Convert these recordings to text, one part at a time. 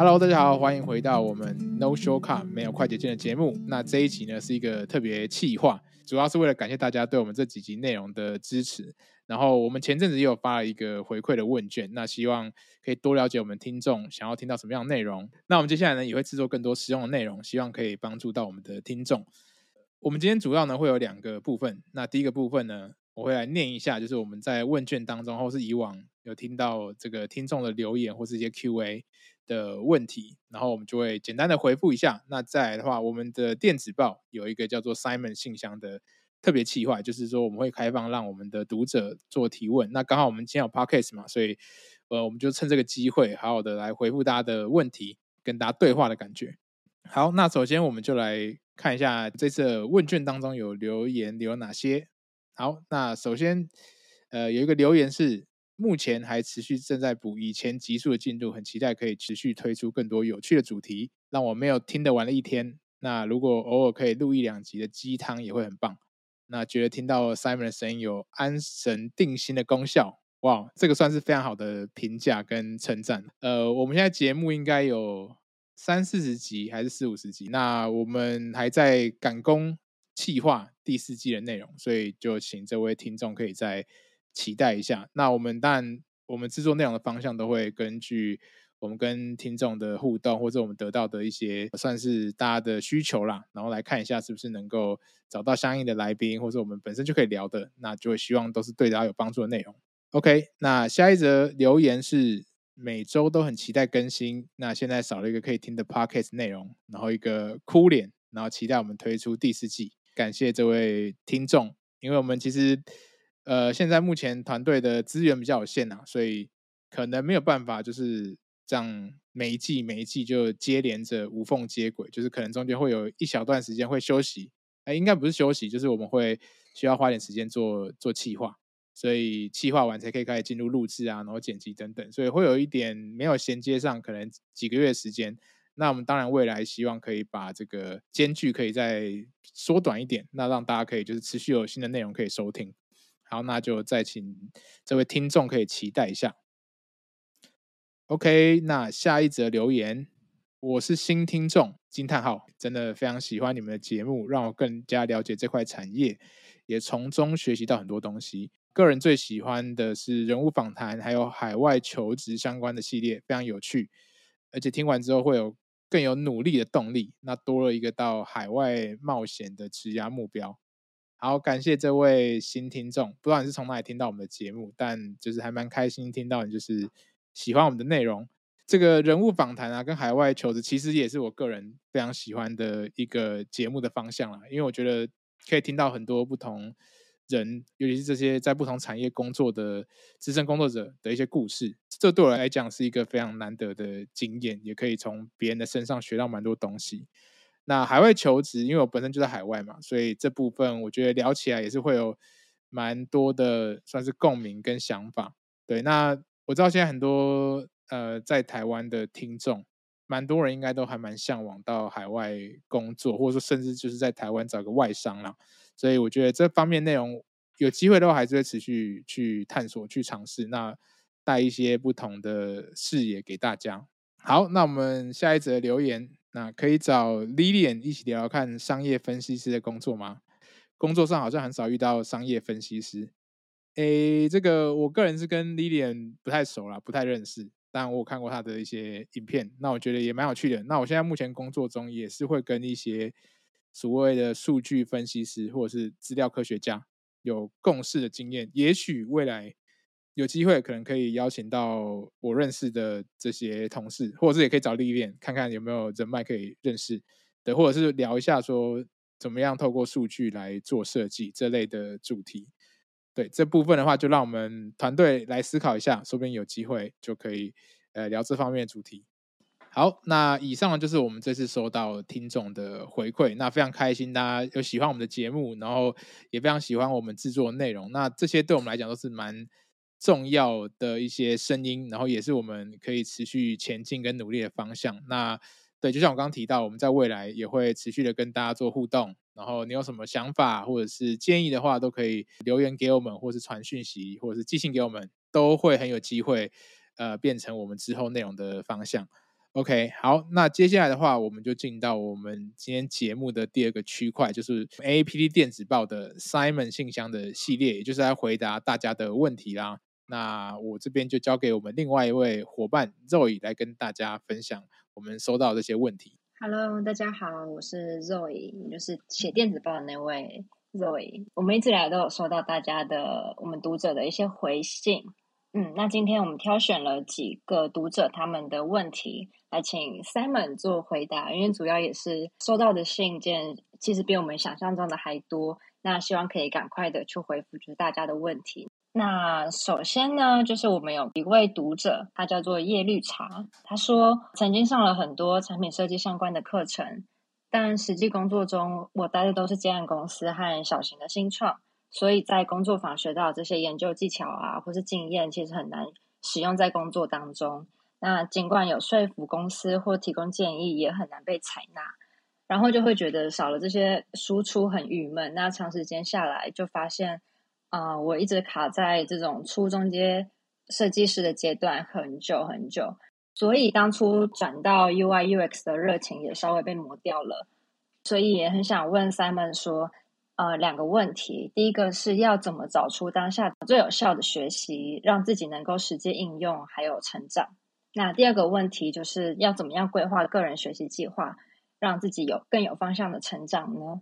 Hello，大家好，歡迎回到我們 No Shortcut 沒有快捷鍵的節目。那這一集呢，是一個特別企劃，主要是為了感謝大家對我們這幾集內容的支持。然後我們前陣子也有發了一個回饋的問卷，那希望可以多了解我們聽眾想要聽到什麼樣的內容。那我們接下來呢，也會製作更多實用的內容，希望可以幫助到我們的聽眾。我們今天主要呢會有兩個部分。那第一個部分呢，我會來念一下，就是我們在問卷當中或是以往有聽到這個聽眾的留言或是一些 Q&A。的問題，然後我們就會簡單的回覆一下。那再來的話，我們的電子報有一個叫做 Simon 信箱的特別企劃，就是說我們會開放讓我們的讀者做提問。那剛好我們今天有 Podcast 嘛，所以呃，我們就趁這個機會，好好的來回覆大家的問題，跟大家對話的感覺。好，那首先我們就來看一下這次問卷當中有留言留有哪些。好，那首先呃有一個留言是。目前還持續正在補以前集數的進度，很期待可以持續推出更多有趣的主題，讓我沒有聽得完的一天。那如果偶爾可以錄一兩集的雞湯也會很棒。那覺得聽到 Simon 的聲音有安神定心的功效。哇，這個算是非常好的評價跟稱讚。呃，我們現在節目應該有三四十集還是四五十集，那我們還在趕工企劃第四季的內容，所以就請這位聽眾可以在期待一下，那我們當然，我們製作內容的方向都會根據我們跟聽眾的互動，或者我們得到的一些算是大家的需求啦，然後來看一下是不是能夠找到相應的來賓，或者我們本身就可以聊的，那就會希望都是對大家有幫助的內容。OK，那下一則留言是每週都很期待更新，那現在少了一個可以聽的 Podcast 內容，然後一個哭臉，然後期待我們推出第四季。感謝這位聽眾，因為我們其實。呃，現在目前團隊的資源比較有限啊，所以可能沒有辦法，就是這樣每一季每一季就接連着無縫接軌，就是可能中間會有一小段時間會休息。哎，應該不是休息，就是我們會需要花點時間做做企劃，所以企劃完才可以，可以開始進入錄製啊，然後剪輯等等，所以會有一點沒有銜接上，可能幾個月的時間。那我們當然未來希望可以把這個間距可以再縮短一點，那讓大家可以就是持續有新的內容可以收聽。好，那就再請這位聽眾可以期待一下。OK，那下一則留言，我是新聽眾，驚嘆號，真的非常喜歡你們的節目，讓我更加了解這塊產業，也從中學習到很多東西。個人最喜歡的是人物訪談，還有海外求職相關的系列，非常有趣，而且聽完之後會有更有努力的動力，那多了一個到海外冒險的職涯目標。好，感謝這位新聽眾。不知道你是從哪裡聽到我們的節目，但就是還蠻開心聽到你就是喜歡我們的內容。這個人物訪談啊，跟海外求職其實也是我個人非常喜歡的一個節目的方向啦。因為我覺得可以聽到很多不同人，尤其是這些在不同產業工作的資深工作者的一些故事。這對我來講是一個非常難得的經驗，也可以從別人的身上學到蠻多東西。那海外求職，因為我本身就在海外嘛，所以這部分我覺得聊起來也是會有蠻多的，算是共鳴跟想法。對，那我知道現在很多呃在台灣的聽眾，蠻多人應該都還蠻向往到海外工作，或者說甚至就是在台灣找個外商啦。所以我覺得這方面內容有機會的話，還是會持續去探索、去嘗試，那帶一些不同的視野給大家。好，那我們下一則留言。那可以找 Lilian 一起聊聊看商業分析師的工作嗎？工作上好像很少遇到商業分析師。哎、欸，這個我個人是跟 Lilian 不太熟啦，不太認識。但我有看過他的一些影片，那我覺得也蠻有趣的。那我現在目前工作中也是會跟一些所謂的數據分析師或者是資料科學家有共事的經驗。也許未來。有機會可能可以邀請到我認識的這些同事，或者是也可以找歷練看看有沒有人脈可以認識，對，或者是聊一下說怎麼樣透過數據來做設計這類的主題，對這部分的話，就讓我們團隊來思考一下，說不定有機會就可以呃聊這方面的主題。好，那以上就是我們這次收到聽眾的回饋，那非常開心大家有喜歡我們的節目，然後也非常喜歡我們制作的內容，那這些對我們來講都是蠻。重要的一些聲音，然後也是我們可以持續前進跟努力的方向。那對，就像我剛剛提到，我們在未來也會持續的跟大家做互動。然後你有什麼想法或者是建議的話，都可以留言給我們，或是傳訊息，或者是寄信給我們，都會很有機會，呃，變成我們之後內容的方向。OK，好，那接下來的話，我們就進到我們今天節目的第二個區塊，就是 AAPD 電子報的 Simon 信箱的系列，也就是來回答大家的問題啦。那我這邊就交給我們另外一位伙伴 Zoe 來跟大家分享我們收到這些問題。Hello，大家好，我是 Zoe，就是寫電子報的那位 Zoe。我們一直來都有收到大家的我們讀者的一些回信。嗯，那今天我們挑選了幾個讀者他們的問題來請 Simon 做回答，因為主要也是收到的信件其實比我們想象中的還多。那希望可以趕快的去回覆就是大家的問題。那首先呢，就是我們有一位讀者，他叫做葉綠茶，他說曾經上了很多產品設計相關的課程，但實際工作中我待的都是接案公司和小型的新創，所以在工作坊學到這些研究技巧啊，或是經驗，其實很難使用在工作當中。那儘管有說服公司或提供建議，也很難被採納，然後就會覺得少了這些輸出很鬱悶。那長時間下來，就發現。啊、呃，我一直卡在這種初中階設計師的階段很久很久，所以當初轉到 UIUX 的熱情也稍微被磨掉了。所以也很想問 Simon 說，呃，兩個問題：第一個是要怎麼找出當下最有效的學習，讓自己能夠實際應用還有成長；那第二個問題就是要怎麼樣規劃個人學習計劃，讓自己有更有方向的成長呢？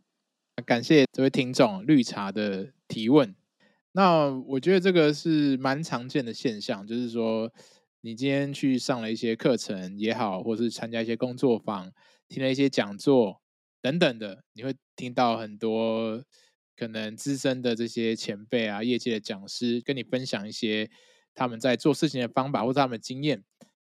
感謝這位聽眾綠茶的提問。那我覺得這個是蠻常見的現象，就是說，你今天去上了一些課程也好，或是參加一些工作坊、聽了一些講座等等的，你會聽到很多可能資深的這些前輩啊、業界的講師跟你分享一些他們在做事情的方法或者他們經驗。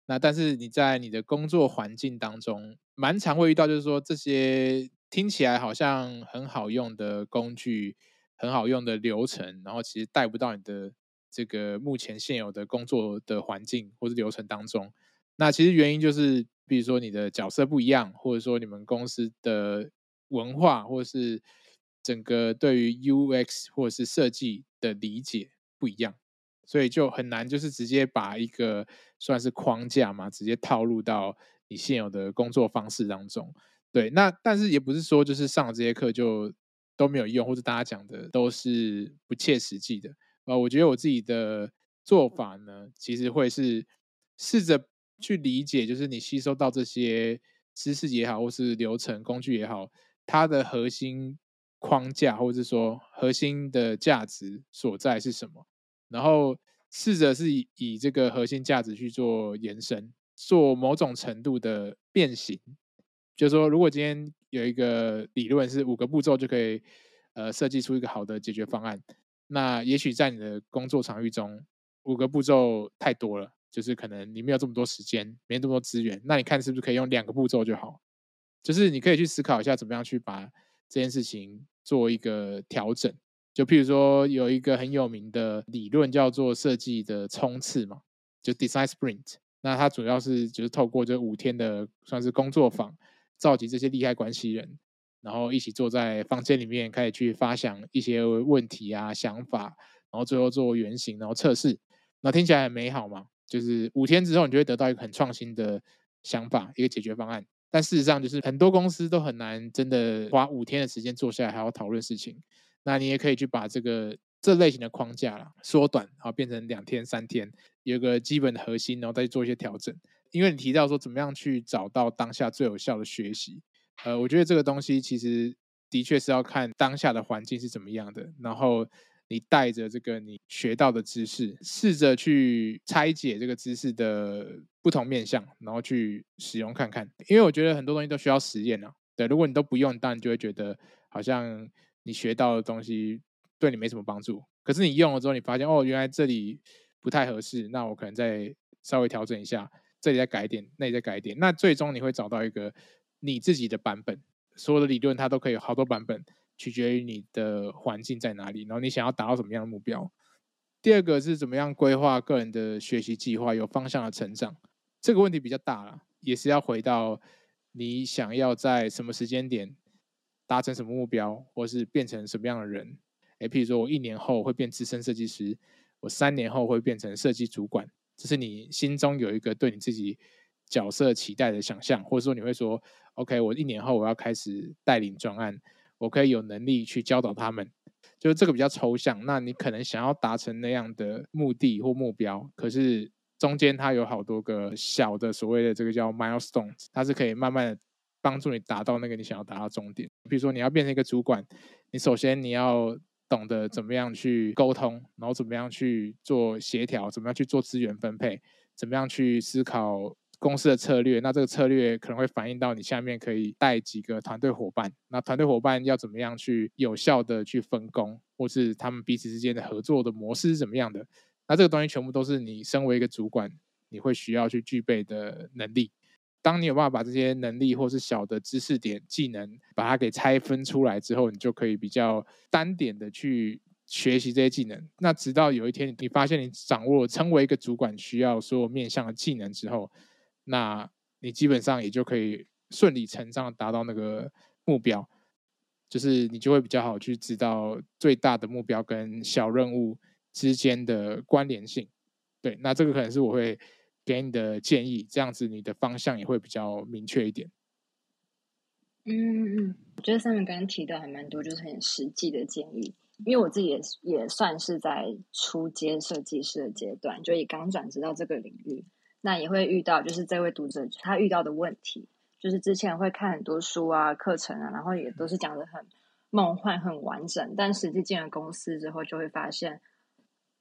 那但是你在你的工作環境當中，蠻常會遇到，就是說這些聽起來好像很好用的工具，很好用的流程，然後其實帶不到你的這個目前現有的工作的環境或是流程當中。那其實原因就是，比如說你的角色不一樣，或者說你們公司的文化，或者是整個對於 UX 或者是設計的理解不一樣，所以就很難就是直接把一個算是框架嘛，直接套入到你現有的工作方式當中。對，那但是也不是說就是上這些課就。都沒有用，或者大家講的都是不切實際的。呃，我覺得我自己的做法呢，其實會是試着去理解，就是你吸收到這些知識也好，或是流程工具也好，它的核心框架，或者是說核心的價值所在是什麼，然後試着是以這個核心價值去做延伸，做某種程度的變形。就是說如果今天有一個理論是五個步驟就可以，呃，設計出一個好的解決方案。那也許在你的工作場域中，五個步驟太多了，就是可能你沒有這麼多時間，沒那麼多資源。那你看是不是可以用兩個步驟就好？就是你可以去思考一下，怎麼樣去把這件事情做一個調整。就譬如說，有一個很有名的理論叫做設計的衝刺嘛，就 Design Sprint。那它主要是就是透過這五天的算是工作坊。召集這些利害關係人，然後一起坐在房間裡面開始去發想一些問題啊、想法，然後最後做原型，然後測試。那聽起來很美好嘛？就是五天之後你就會得到一個很創新的想法、一個解決方案。但事實上，就是很多公司都很難真的花五天的時間坐下來還要討論事情。那你也可以去把這個這類型的框架啦縮短，然後變成兩天、三天，有一個基本的核心，然後再去做一些調整。因為你提到說怎麼樣去找到當下最有效的學習，呃，我覺得這個東西其實的確是要看當下的環境是怎麼樣的，然後你帶着這個你學到的知識，試着去拆解這個知識的不同面向，然後去使用看看。因為我覺得很多東西都需要實驗啊，對，如果你都不用，你當然就會覺得好像你學到的東西對你沒什麼幫助。可是你用了之後，你發現哦，原來這裡不太合適，那我可能再稍微調整一下。這裡再改一點，那裡再改一點，那最終你會找到一個你自己的版本。所有的理論它都可以有好多版本，取決於你的環境在哪裡，然後你想要達到什麼樣的目標。第二個是怎麼樣規劃個人的學習計劃，有方向的成長。這個問題比較大了，也是要回到你想要在什麼時間點達成什麼目標，或是變成什麼樣的人。誒，譬如說我一年後會變資深設計師，我三年後會變成設計主管。就是你心中有一個對你自己角色期待的想象，或者說你會說，OK，我一年後我要開始帶領專案，我可以有能力去教導他們，就是這個比較抽象。那你可能想要達成那樣的目的或目標，可是中間它有好多個小的所謂的這個叫 milestones，它是可以慢慢的幫助你達到那個你想要達到的終點。比如說你要變成一個主管，你首先你要。懂得怎麼樣去溝通，然後怎麼樣去做協調，怎麼樣去做資源分配，怎麼樣去思考公司的策略。那這個策略可能會反映到你下面可以帶幾個團隊夥伴。那團隊夥伴要怎麼樣去有效的去分工，或是，他們彼此之間的合作的模式是怎麼樣的？那這個東西全部都是你身為一個主管，你會需要去具備的能力。當你有辦法把這些能力或是小的知識點、技能，把它給拆分出來之後，你就可以比較單點的去學習這些技能。那直到有一天，你發現你掌握了成為一個主管需要所有面向的技能之後，那你基本上也就可以順理成章達到那個目標。就是你就會比較好去知道最大的目標跟小任務之間的關聯性。對，那這個可能是我會給你的建議，這樣子你的方向也會比較明確一點。嗯嗯，我覺得 Simon 剛剛提的還蠻多，就是很實際的建議。因為我自己也也算是在初階設計師的階段，就也剛轉職到這個領域，那也會遇到就是這位讀者他遇到的問題，就是之前會看很多書啊、課程啊，然後也都是講得很夢幻、很完整，但實際進了公司之後就會發現。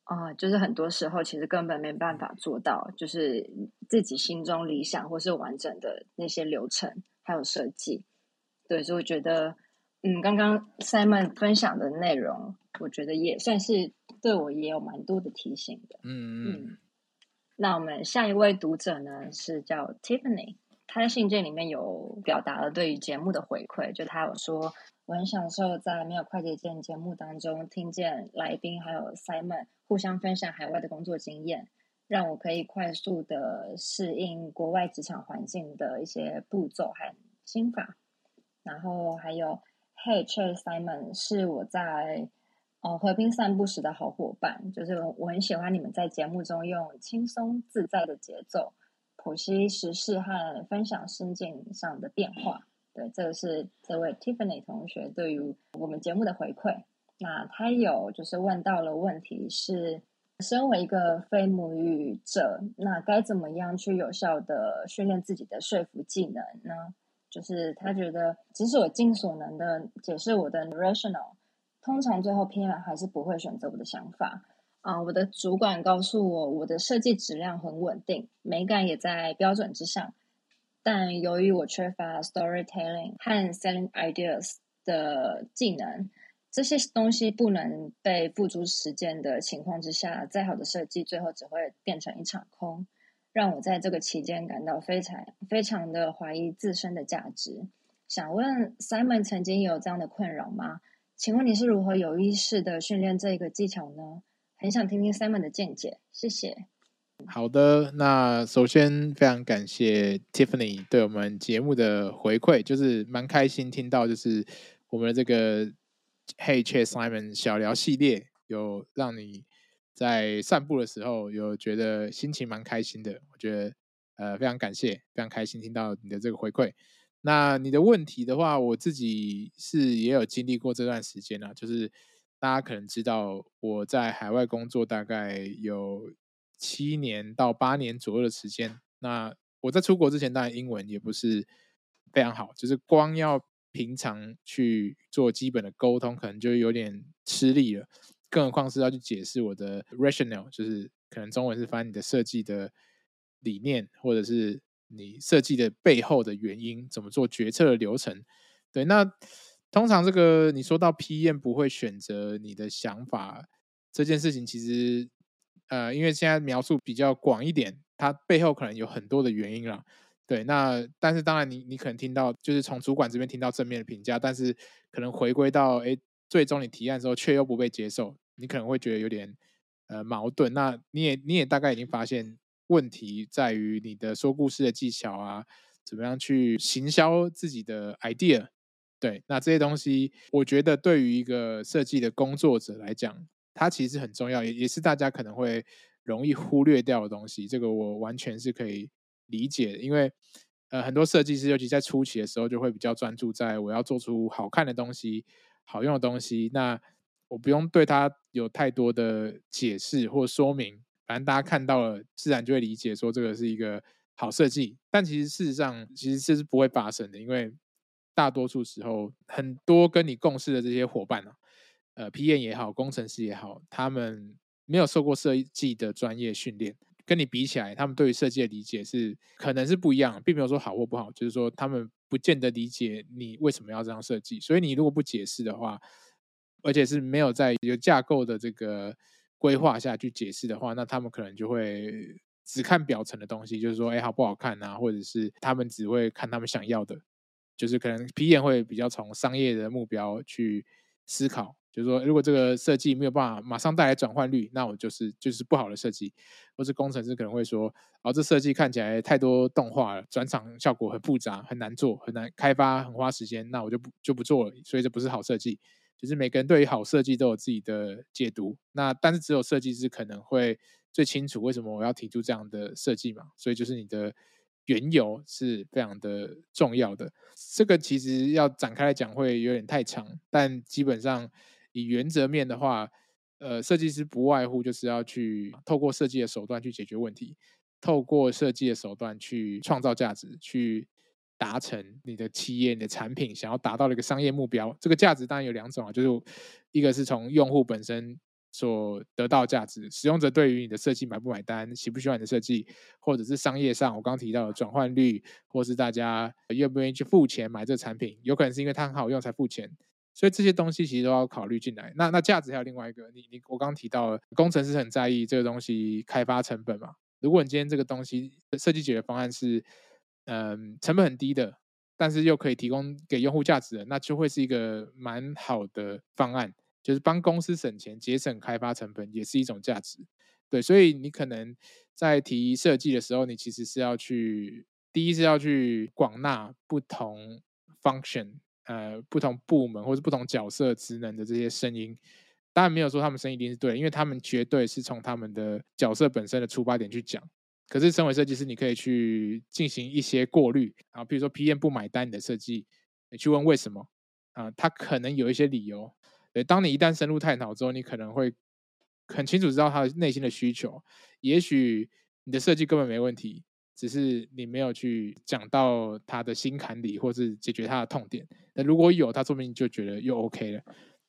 哦、uh，就是很多時候其實根本沒辦法做到，就是自己心中理想或是完整的那些流程還有設計。對，所以我覺得，嗯，剛剛 Simon 分享的內容，我覺得也算是對我也有蠻多的提醒的。嗯嗯，嗯，嗯。那我們下一位讀者呢是叫 Tiffany。他的信件裡面有表達了對於節目的回饋，就他有說，我很享受在《沒有快捷鍵》節目當中聽見來賓還有 Simon 互相分享海外的工作經驗，讓我可以快速的適應國外職場環境的一些步驟和心法。然後還有 Hey Charles Simon 是我在哦和平散步時的好夥伴，就是我很喜歡你們在節目中用輕鬆自在的節奏。剖析時事和分享心境上的變化，對，這是這位 Tiffany 同學對於我們節目的回饋。那他有就是問到了問題是，是身為一個非母語者，那該怎麼樣去有效的訓練自己的說服技能呢？就是他覺得，即使我尽所能的解釋我的 rationale，通常最後 PM 還是不會選擇我的想法。啊、uh，我的主管告訴我，我的設計質量很穩定，美感也在標準之上。但由於我缺乏 storytelling 和 selling ideas 的技能，這些東西不能被付諸實踐的情況之下，再好的設計最後只會變成一場空，讓我在這個期間感到非常非常的懷疑自身的價值。想問 Simon 曾經有這樣的困擾嗎？請問你是如何有意識地訓練這個技巧呢？很想聽聽 Simon 的見解，謝謝。好的，那首先非常感謝 Tiffany 對我們節目的回饋，就是蠻開心聽到，就是我們的這個 Hey Cheers Simon 小聊系列有讓你在散步的時候有覺得心情蠻開心的，我覺得呃非常感謝，非常開心聽到你的這個回饋。那你的問題的話，我自己是也有經歷過這段時間啊，就是。大家可能知道我在海外工作大概有七年到八年左右的時間。那我在出國之前，當然英文也不是非常好，就是光要平常去做基本的溝通，可能就有點吃力了。更何況是要去解釋我的 rationale，就是可能中文是翻你的設計的理念，或者是你設計的背後的原因，怎麼做決策的流程。對，那。通常這個你說到 PM 不會選擇你的想法這件事情，其實呃，因為現在描述比較廣一點，它背後可能有很多的原因啦。對，那但是當然你，你你可能聽到就是從主管這邊聽到正面的評價，但是可能回歸到哎，最終你提案的時候卻又不被接受，你可能會覺得有點呃矛盾。那你也你也大概已經發現問題在於你的說故事的技巧啊，怎麼樣去行銷自己的 idea。對，那這些東西，我覺得對於一個設計的工作者來講，它其實很重要，也也是大家可能會容易忽略掉的東西。這個我完全是可以理解的，因為呃，很多設計師尤其在初期的時候，就會比較專注在我要做出好看的東西、好用的東西。那我不用對它有太多的解釋或說明，反正大家看到了，自然就會理解說這個是一個好設計。但其實事實上，其實這是不會發生的，因為。大多數時候，很多跟你共事的這些夥伴啊，呃，PM 也好，工程師也好，他們沒有受過設計的專業訓練，跟你比起來，他們對於設計的理解是可能是不一樣，並沒有說好或不好，就是說他們不見得理解你為什麼要這樣設計。所以你如果不解釋的話，而且是沒有在一個架構的這個規劃下去解釋的話，那他們可能就會只看表層的東西，就是說，哎，好不好看啊？或者是他們只會看他們想要的。就是可能 PM 會比較從商業的目標去思考，就是說如果這個設計沒有辦法馬上帶來轉換率，那我就是就是不好的設計。或是工程師可能會說，哦，這設計看起來太多動畫了，轉場效果很複雜，很難做，很難開發，很花時間，那我就不就不做了。所以這不是好設計。就是每個人對於好設計都有自己的解讀。那但是只有設計師可能會最清楚為什麼我要提出這樣的設計嘛？所以就是你的。原由是非常的重要的。這個其實要展開來講會有點太長，但基本上以原則面的話，呃，設計師不外乎就是要去透過設計的手段去解決問題，透過設計的手段去創造價值，去達成你的企業、你的產品想要達到的一個商業目標。這個價值當然有兩種啊，就是一個是從用戶本身。所得到價值，使用者對於你的設計買不買單，喜不喜歡你的設計，或者是商業上我剛剛提到的轉換率，或者是大家願不願意去付錢買這個產品，有可能是因為它很好用才付錢，所以這些東西其實都要考慮進來。那那價值還有另外一個，你你我剛剛提到了工程師很在意這個東西開發成本嘛。如果你今天這個東西設計解決方案是，嗯、呃，成本很低的，但是又可以提供給用戶價值的，那就會是一個蠻好的方案。就是幫公司省錢，節省開發成本也是一種價值，對。所以你可能在提設計的時候，你其實是要去，第一是要去廣納不同 function，呃，不同部門或者不同角色職能的這些聲音。當然沒有說他們聲音一定是對的，因為他們絕對是從他們的角色本身的出發點去講。可是身為設計師，你可以去進行一些過濾，然後比如說 PM 不買單你的設計，你去問為什麼啊，呃？他可能有一些理由。當你一旦深入探討之後，你可能會很清楚知道他內心的需求。也許你的設計根本沒問題，只是你沒有去講到他的心坎裡，或是解決他的痛點。那如果有，他說不定就覺得又 OK 了。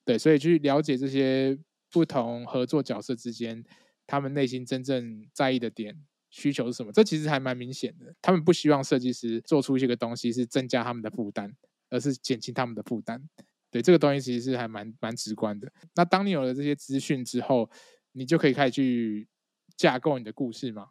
對，所以去了解這些不同合作角色之間，他們內心真正在意的點、需求是什麼，這其實還蠻明顯的。他們不希望設計師做出一個東西是增加他們的負擔，而是減輕他們的負擔。對，這個東西其實是還蠻蠻直觀的。那當你有了這些資訊之後，你就可以開始去架構你的故事嘛，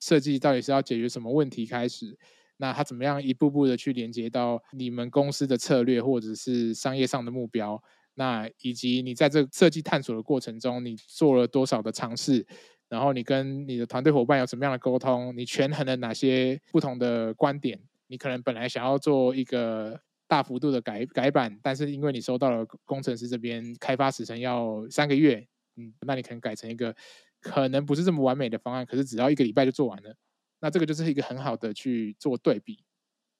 設計到底是要解決什麼問題開始？那它怎麼樣一步步的去連接到你們公司的策略，或者是商業上的目標？那以及你在這設計探索的過程中，你做了多少的嘗試？然後你跟你的團隊夥伴有什麼樣的溝通？你權衡了哪些不同的觀點？你可能本來想要做一個。大幅度的改改版，但是因為你收到了工程師這邊開發時程要三個月，嗯，那你可能改成一個可能不是這麼完美的方案，可是只要一個禮拜就做完了，那這個就是一個很好的去做對比，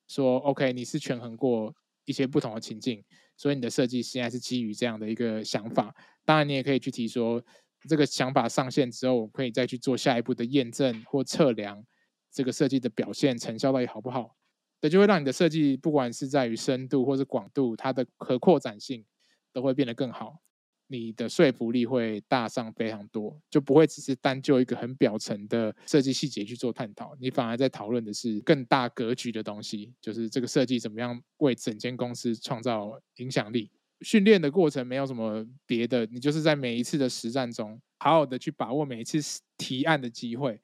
說 OK，你是權衡過一些不同的情境，所以你的設計現在是基於這樣的一個想法。當然，你也可以去提說這個想法上線之後，我可以再去做下一步的驗證或測量，這個設計的表現成效到底好不好。這就會讓你的設計，不管是在於深度或是廣度，它的可擴展性都會變得更好。你的說服力會大上非常多，就不會只是單就一個很表層的設計細節去做探討。你反而在討論的是更大格局的東西，就是這個設計怎麼樣為整間公司創造影響力。訓練的過程沒有什麼別的，你就是在每一次的實戰中，好好的去把握每一次提案的機會。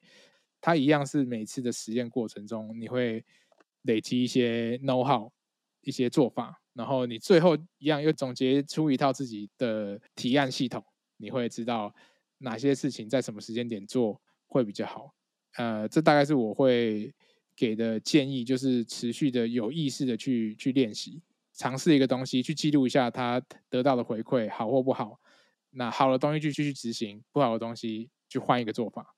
它一樣是每一次的實驗過程中，你會。累積一些 know how，一些做法，然後你最後一樣又總結出一套自己的提案系統，你會知道哪些事情在什麼時間點做會比較好。呃，這大概是我會給的建議，就是持續的有意識的去去練習，嘗試一個東西，去記錄一下它得到的回饋，好或不好。那好的東西就繼續執行，不好的東西就換一個做法。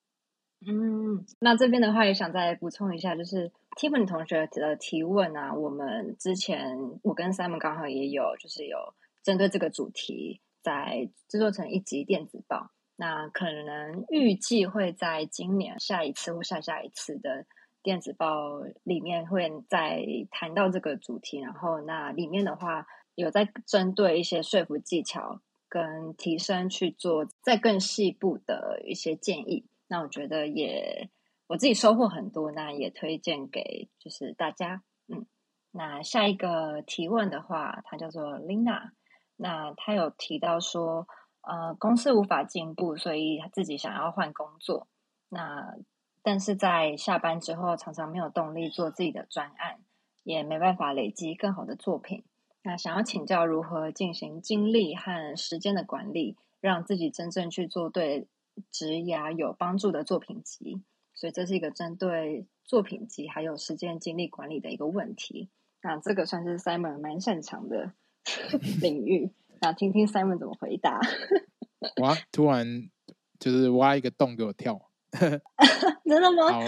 嗯，那這邊的話也想再補充一下，就是 Tiffany 同學的提問啊，我們之前我跟 Simon 剛好也有，就是有針對這個主題在制作成一集電子報，那可能預計會在今年下一次或下下一次的電子報裡面會再談到這個主題，然後那裡面的話有在針對一些說服技巧跟提升去做再更細部的一些建議。那我覺得也我自己收穫很多，那也推薦給就是大家，嗯，那下一個提問的話，他叫做 Lina。那他有提到說，呃，公司無法進步，所以他自己想要換工作，那但是在下班之後常常沒有動力做自己的專案，也沒辦法累積更好的作品，那想要請教如何進行精力和時間的管理，讓自己真正去做對。職涯有幫助的作品集，所以這是一個針對作品集還有時間精力管理的一個問題。那這個算是 Simon 蠻擅長的 領域。那聽聽 Simon 怎麼回答。哇，突然就是挖一個洞給我跳， 真的嗎？好，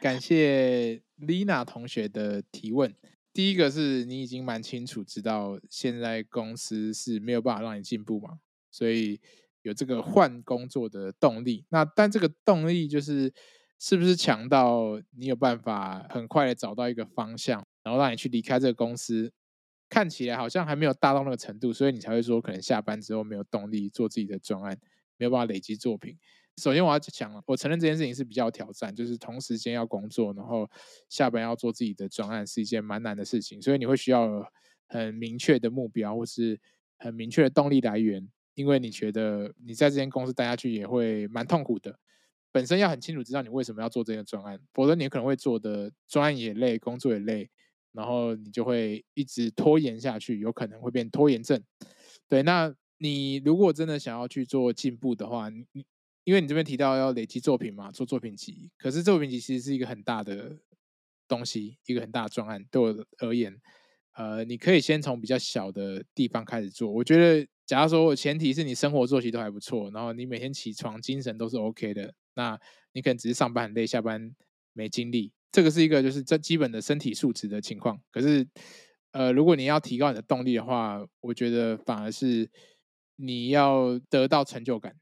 感謝 Lina 同學的提問。第一個是你已經蠻清楚，知道現在公司是沒有辦法讓你進步嘛，所以，有這個換工作的動力，那但這個動力就是是不是強到你有辦法很快的找到一個方向，然後讓你去離開這個公司？看起來好像還沒有大到那個程度，所以你才會說可能下班之後沒有動力做自己的專案，沒有辦法累積作品。首先我要講，我承認這件事情是比較挑戰，就是同時間要工作，然後下班要做自己的專案是一件蠻難的事情，所以你會需要很明確的目標，或是很明確的動力來源。因為你覺得你在這間公司待下去也會蠻痛苦的，本身要很清楚知道你為什麼要做這個專案，否則你可能會做的專案也累，工作也累，然後你就會一直拖延下去，有可能會變拖延症。對，那你如果真的想要去做進步的話，你因為你這邊提到要累積作品嘛，做作品集，可是作品集其實是一個很大的東西，一個很大的專案，對我而言。呃，你可以先從比較小的地方開始做。我覺得，假如說，我前提是你生活作息都還不錯，然後你每天起床精神都是 OK 的，那你可能只是上班很累，下班沒精力。這個是一個就是這基本的身體素質的情況。可是，呃，如果你要提高你的動力的話，我覺得反而是你要得到成就感。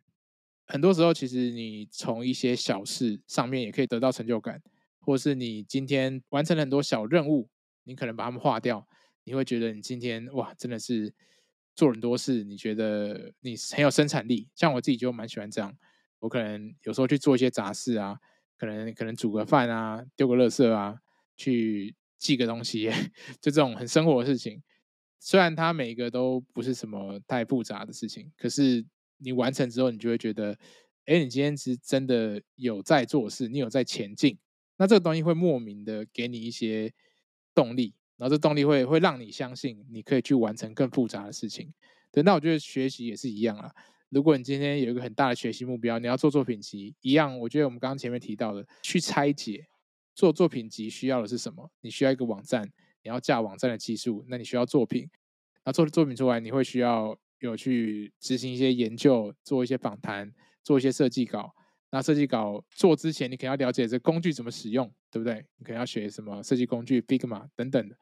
很多時候，其實你從一些小事上面也可以得到成就感，或是你今天完成了很多小任務，你可能把它們劃掉。你會覺得你今天哇，真的是做很多事，你覺得你很有生產力。像我自己就蠻喜歡這樣，我可能有時候去做一些雜事啊，可能可能煮個飯啊，丟個垃圾啊，去寄個東西，就這種很生活的事情。雖然它每一個都不是什麼太複雜的事情，可是你完成之後，你就會覺得，哎，你今天其實真的有在做事，你有在前進。那這個東西會莫名的給你一些動力。然後這動力會會讓你相信你可以去完成更複雜的事情，對。那我覺得學習也是一樣啊。如果你今天有一個很大的學習目標，你要做作品集，一樣，我覺得我們剛剛前面提到的，去拆解做作品集需要的是什麼？你需要一個網站，你要架網站的技術，那你需要作品。那做的作品出來，你會需要有去執行一些研究，做一些訪談，做一些設計稿。那設計稿做之前，你肯定要了解這工具怎麼使用。對不對？你可能要學什麼設計工具、Figma 等等的，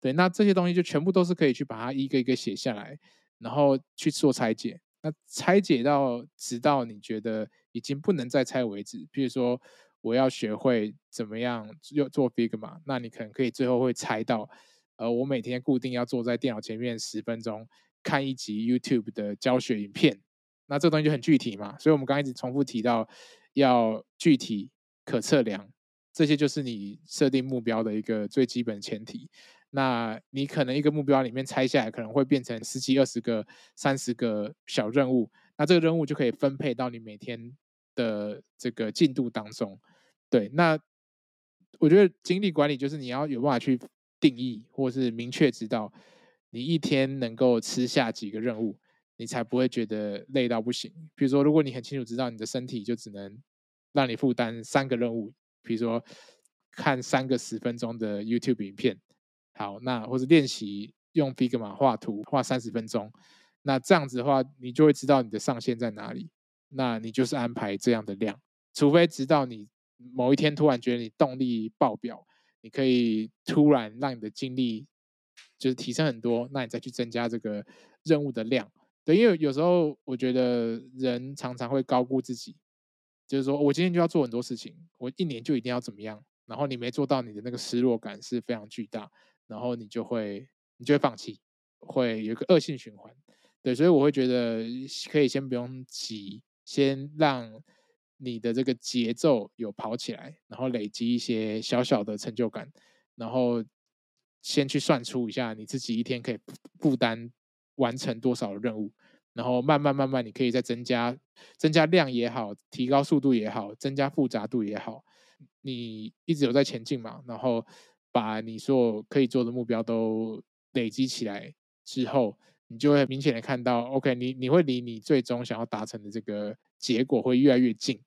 對，那這些東西就全部都是可以去把它一個一個寫下來，然後去做拆解。那拆解到直到你覺得已經不能再拆為止。比如說，我要學會怎麼樣又做 Figma，那你可能可以最後會拆到，呃，我每天固定要坐在電腦前面十分鐘看一集 YouTube 的教學影片。那這東西就很具體嘛，所以我們剛剛一直重複提到要具體、可測量。這些就是你設定目標的一個最基本前提。那你可能一個目標裡面拆下來，可能會變成十幾、二十個、三十個小任務。那這個任務就可以分配到你每天的這個進度當中。對，那我覺得精力管理就是你要有辦法去定義，或是明確知道你一天能夠吃下幾個任務，你才不會覺得累到不行。比如說，如果你很清楚知道你的身體就只能讓你負擔三個任務。比如說看三個十分鐘的 YouTube 影片，好，那或是練習用 Figma 畫圖畫三十分鐘，那這樣子的話，你就會知道你的上限在哪裡。那你就是安排這樣的量，除非直到你某一天突然覺得你動力爆表，你可以突然讓你的精力就是提升很多，那你再去增加這個任務的量。對，因為有時候我覺得人常常會高估自己。就是說我今天就要做很多事情，我一年就一定要怎麼樣，然後你沒做到，你的那個失落感是非常巨大，然後你就會你就會放棄，會有一個惡性循環，對，所以我會覺得可以先不用急，先讓你的這個節奏有跑起來，然後累積一些小小的成就感，然後先去算出一下你自己一天可以負擔完成多少的任務。然後慢慢慢慢，你可以再增加增加量，也好，提高速度也好，增加複雜度也好，你一直有在前進嘛，然後把你所有可以做的目標都累積起來之後，你就會明顯的看到，OK，你你會離你最終想要達成的這個結果會越來越近。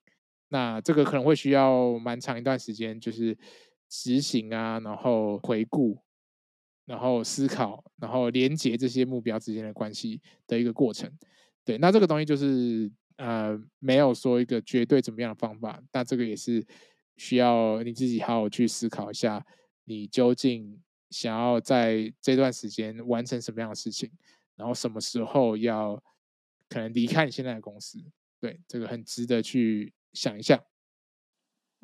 那這個可能會需要蠻長一段時間，就是執行啊，然後回顧。然後思考，然後連接這些目標之間的關係的一個過程，對，那這個東西就是呃，沒有說一個絕對怎麼樣的方法，那這個也是需要你自己好好去思考一下，你究竟想要在這段時間完成什麼樣的事情，然後什麼時候要可能離開你現在的公司，對，這個很值得去想一下。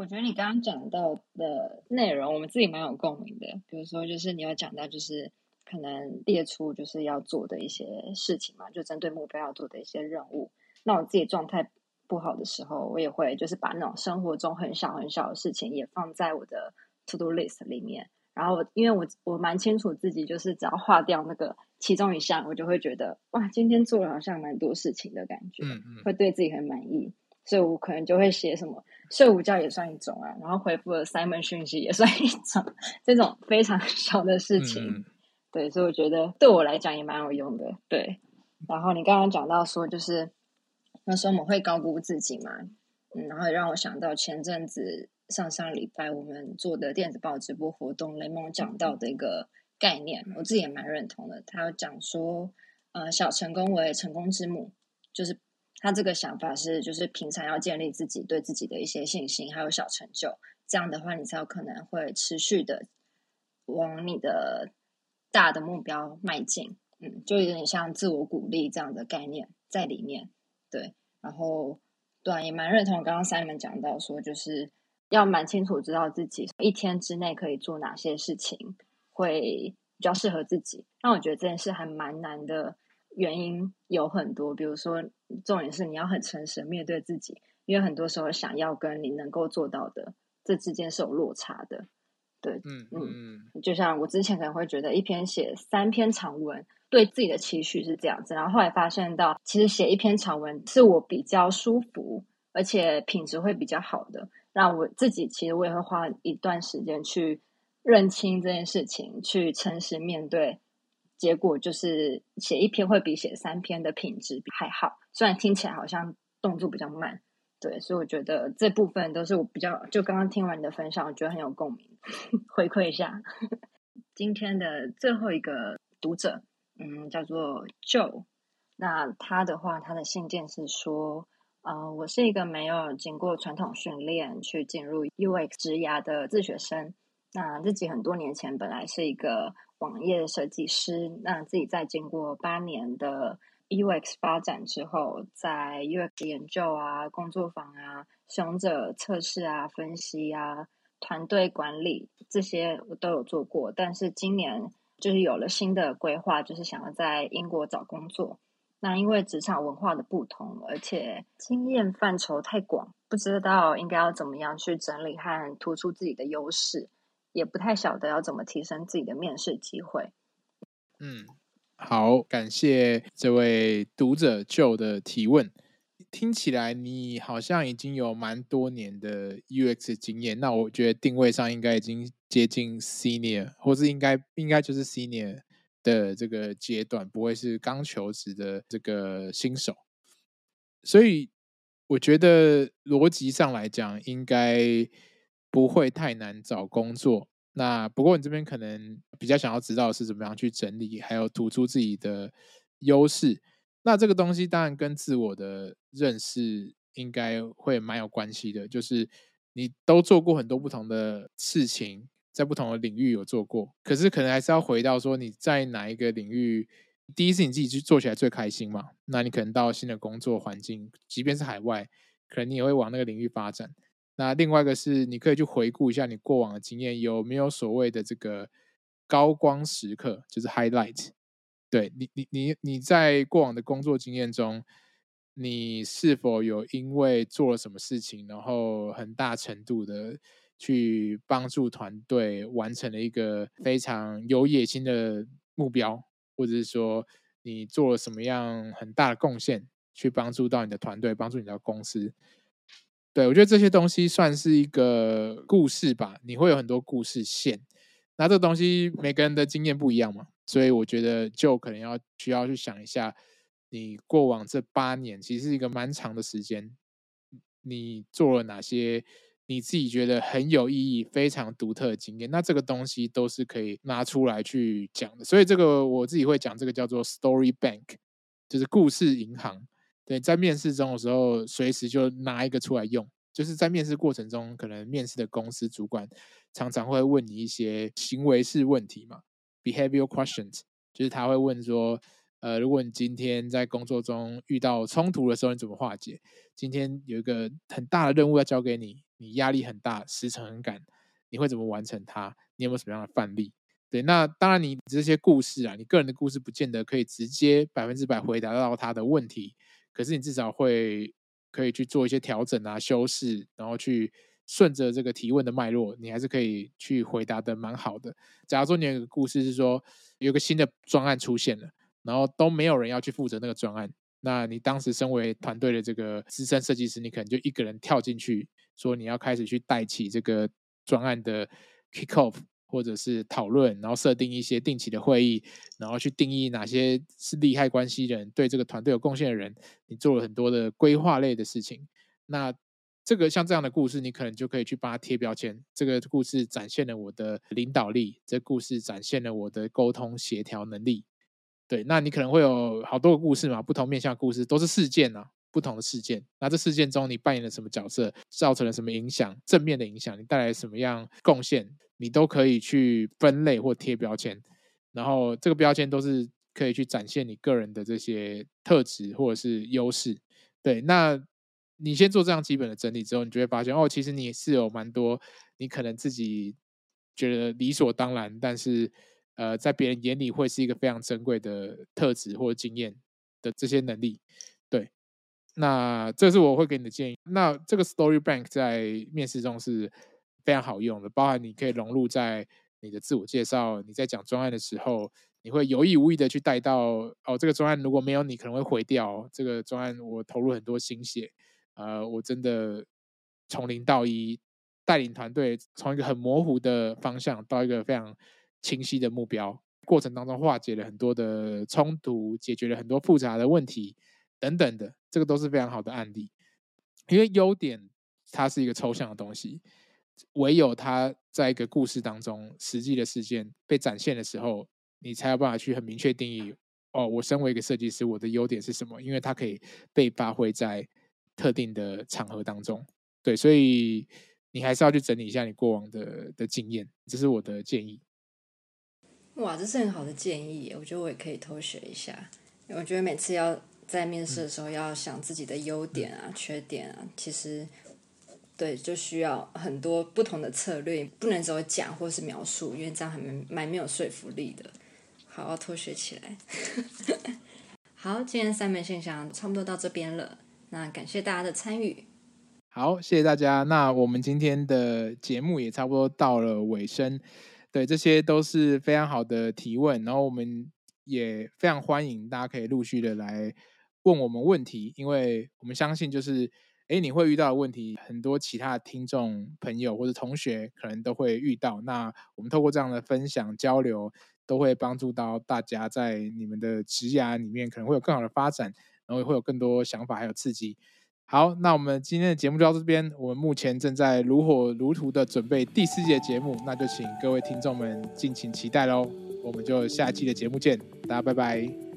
我覺得你剛剛講到的內容，我們自己蠻有共鳴的。比如說，就是你要講到，就是可能列出就是要做的一些事情嘛，就針對目標要做的一些任務。那我自己狀態不好的時候，我也會就是把那種生活中很小很小的事情也放在我的 to do list 裡面。然後，因為我我蠻清楚自己，就是只要劃掉那個其中一項，我就會覺得哇，今天做了好像蠻多事情的感覺。會對自己很滿意，所以我可能就會寫什麼。睡午覺也算一種啊，然後回復了 Simon 訊息也算一種，這種非常小的事情。嗯嗯。對，所以我覺得對我來講也蠻有用的。對，然後你剛剛講到說，就是那時候我們會高估自己嘛，嗯，然後也讓我想到前陣子上上禮拜我們做的電子報直播活動，嗯嗯，雷蒙講到的一個概念，我自己也蠻認同的。他有講說，呃，小成功為成功之母，就是。他這個想法是，就是平常要建立自己對自己的一些信心，還有小成就，這樣的話你才有可能會持續的往你的大的目標邁進。嗯，就有點像自我鼓勵這樣的概念在裡面。對，然後對、啊，也蠻認同剛剛 Simon 講到說，就是要蠻清楚知道自己一天之內可以做哪些事情會比較適合自己。那我覺得這件事還蠻難的。原因有很多，比如說，重點是你要很誠實的面對自己，因為很多時候想要跟你能夠做到的這之間是有落差的。對，嗯嗯，就像我之前可能會覺得一篇寫三篇長文對自己的期許是這樣子，然後後來發現到其實寫一篇長文是我比較舒服，而且品質會比較好的，那我自己其實我也會花一段時間去認清這件事情，去誠實面對。結果就是寫一篇會比寫三篇的品質還好，雖然聽起來好像動作比較慢，對，所以我覺得這部分都是我比較，就剛剛聽完你的分享，我覺得很有共鳴。回饋一下 今天的最後一個讀者，嗯，叫做 Joe，那他的話他的信件是說，啊、呃，我是一個沒有經過傳統訓練去進入 UX 職涯的自學生。那自己很多年前本來是一個網頁設計師，那自己在經過八年的 UX 發展之後，在 UX 研究啊、工作坊啊、使用者測試啊、分析啊、團隊管理這些我都有做過，但是今年就是有了新的規劃，就是想要在英國找工作。那因為職場文化的不同，而且經驗範疇太廣，不知道應該要怎麼樣去整理和突出自己的優勢。也不太曉得要怎麼提升自己的面試機會。嗯，好，感謝這位讀者 Joe 的提問。聽起來你好像已經有蠻多年的 UX 經驗，那我覺得定位上應該已經接近 Senior，或是應該應該就是 Senior 的這個階段，不會是剛求職的這個新手。所以我覺得邏輯上來講，應該，不會太難找工作。那不過你這邊可能比較想要知道的是怎麼樣去整理，還有突出自己的優勢。那這個東西當然跟自我的認識應該會蠻有關係的。就是你都做過很多不同的事情，在不同的領域有做過，可是可能還是要回到說你在哪一個領域第一次你自己去做起來最開心嘛？那你可能到新的工作環境，即便是海外，可能你也會往那個領域發展。那另外一個是，你可以去回顧一下你過往的經驗，有沒有所謂的這個高光時刻，就是 highlight。對，你，你，你，你在過往的工作經驗中，你是否有因為做了什麼事情，然後很大程度的去幫助團隊完成了一個非常有野心的目標，或者是說你做了什麼樣很大的貢獻，去幫助到你的團隊，幫助你的公司？對，我覺得這些東西算是一個故事吧。你會有很多故事線，那這個東西每個人的經驗不一樣嘛，所以我覺得就可能要需要去想一下，你過往這八年其實是一個蠻長的時間，你做了哪些你自己覺得很有意義、非常獨特的經驗，那這個東西都是可以拿出來去講的。所以這個我自己會講，這個叫做 Story Bank，就是故事銀行。對，在面試中的時候，隨時就拿一個出來用。就是在面試過程中，可能面試的公司主管常常會問你一些行為式問題嘛，behavior questions，就是他會問說，呃，如果你今天在工作中遇到衝突的時候，你怎麼化解？今天有一個很大的任務要交給你，你壓力很大，時程很趕，你會怎麼完成它？你有沒有什麼樣的範例？對，那當然，你這些故事啊，你個人的故事不見得可以直接百分之百回答到他的問題。可是你至少會可以去做一些調整啊、修飾，然後去順着這個提問的脈絡，你還是可以去回答的蠻好的。假如說你有個故事是說，有個新的專案出現了，然後都沒有人要去負責那個專案，那你當時身為團隊的這個資深設計師，你可能就一個人跳進去，說你要開始去帶起這個專案的 kick off。或者是討論，然後設定一些定期的會議，然後去定義哪些是利害關係的人，對這個團隊有貢獻的人，你做了很多的規劃類的事情。那這個像這樣的故事，你可能就可以去幫他貼標籤。這個故事展現了我的領導力，這個故事展現了我的溝通協調能力。對，那你可能會有好多個故事嘛，不同面向故事都是事件啊，不同的事件。那這事件中你扮演了什麼角色，造成了什麼影響？正面的影響，你帶來什麼樣貢獻？你都可以去分類或貼標籤，然後這個標籤都是可以去展現你個人的這些特質或者是優勢。對，那你先做這樣基本的整理之後，你就會發現哦，其實你是有蠻多，你可能自己覺得理所當然，但是呃，在別人眼裡會是一個非常珍貴的特質或經驗的這些能力。對，那這是我會給你的建議。那這個 Story Bank 在面試中是非常好用的，包含你可以融入在你的自我介紹，你在講專案的時候，你會有意無意的去帶到哦，這個專案如果沒有你，可能會毀掉。這個專案我投入很多心血，呃，我真的從零到一帶領團隊，從一個很模糊的方向到一個非常清晰的目標，過程當中化解了很多的衝突，解決了很多複雜的問題等等的，這個都是非常好的案例。因為優點它是一個抽象的東西。唯有他在一個故事當中，實際的事件被展現的時候，你才有辦法去很明確定義。哦，我身為一個設計師，我的優點是什麼？因為它可以被發揮在特定的場合當中。對，所以你還是要去整理一下你過往的的經驗，這是我的建議。哇，這是很好的建議，我覺得我也可以偷學一下。我覺得每次要在面試的時候，嗯，要想自己的優點啊、缺點啊，其實。對，就需要很多不同的策略，不能只會講或是描述，因為這樣還蠻，蠻沒有說服力的。好，要偷學起來。 好，今天 Simon 信箱差不多到這邊了，那感謝大家的參與。好，謝謝大家。那我們今天的節目也差不多到了尾聲。對，這些都是非常好的提問，然後我們也非常歡迎大家可以陸續的來問我們問題，因為我們相信就是。誒，你會遇到的問題，很多其他的聽眾朋友或者同學可能都會遇到。那我們透過這樣的分享交流，都會幫助到大家，在你們的職涯裡面可能會有更好的發展，然後會有更多想法還有刺激。好，那我們今天的節目就到這邊。我們目前正在如火如荼的準備第四季的節目，那就請各位聽眾們敬請期待嘍。我們就下期的節目見，大家拜拜。